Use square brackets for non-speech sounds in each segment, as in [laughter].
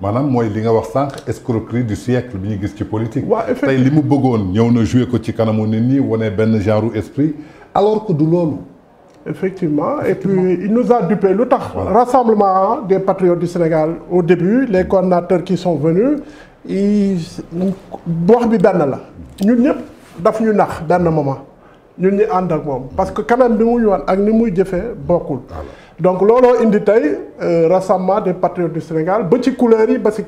Madame, moi li nga wax sànq escroquerie du siècle bi ñu gis ci politique. waaw effectivement tey li mu bëggoon ñëw na joué ko ci kanamu nit ñi wane genre esprit alors que du Effectivement. Et puis, il nous a dupé. Le rassemblement des patriotes du Sénégal, au début, les coordinateurs qui sont venus, ils nous avons d'un moment. Nous Parce que quand même, nous avons fait beaucoup donc Lolo indi détail. Euh, rassemblement des patriotes du Sénégal ba ci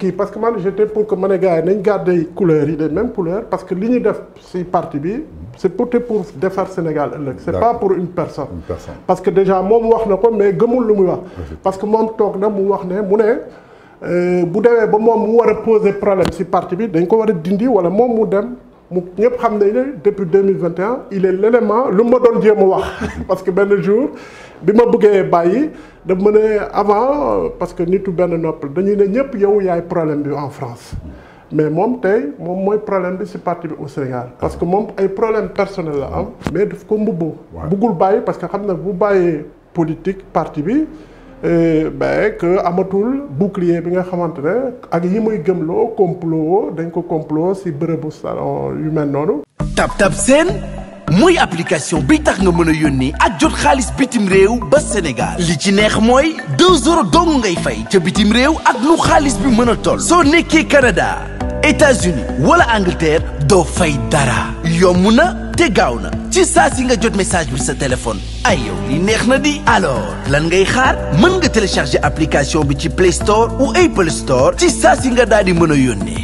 yi parce que man j'étais pour que les gars yi nañ garder couleurs yi mêmes couleurs parce que li de def si parti c'est pour pour le Sénégal Ce c'est pas pour une personne parce que déjà moi, wax na pas mais gëmul lu muy wax parce que moi, je na mu wax ne mu ne euh, bu demee ba moom mu poser problème si parti bi dañ ko je a dindi wala moom mu dem nous depuis 2021 il est l'élément le mot doon jéem [laughs] parce que le jour je ma suis dit, avant parce que nous benn pas de yow yaay problème en France mais mon tey problème c'est parti au Sénégal parce que mon problème personnel mais comme ko mbubboo buggul parce que xam na bu politique parti euh, ben que amatul bouclier bi nga xamantene ak yi muy gëmlo complot dañ ko complot ci bërëbu salon yu mel Tap Tap sen muy application bi tax nga mën yonni ak jot xaliss bitim rew ba Sénégal li ci neex moy 2 euros dong ngay fay ci bitim rew ak lu xaliss bi mën toll. soo Canada États-Unis wala Angleterre do fay dara yomuna te gaaw na ci saa si nga jot message bi sa téléphone ay yow li neex na di alors lan ngay xaar mën nga télécharger application bi ci Play Store ou Apple Store ci saa si nga daal di mën a nii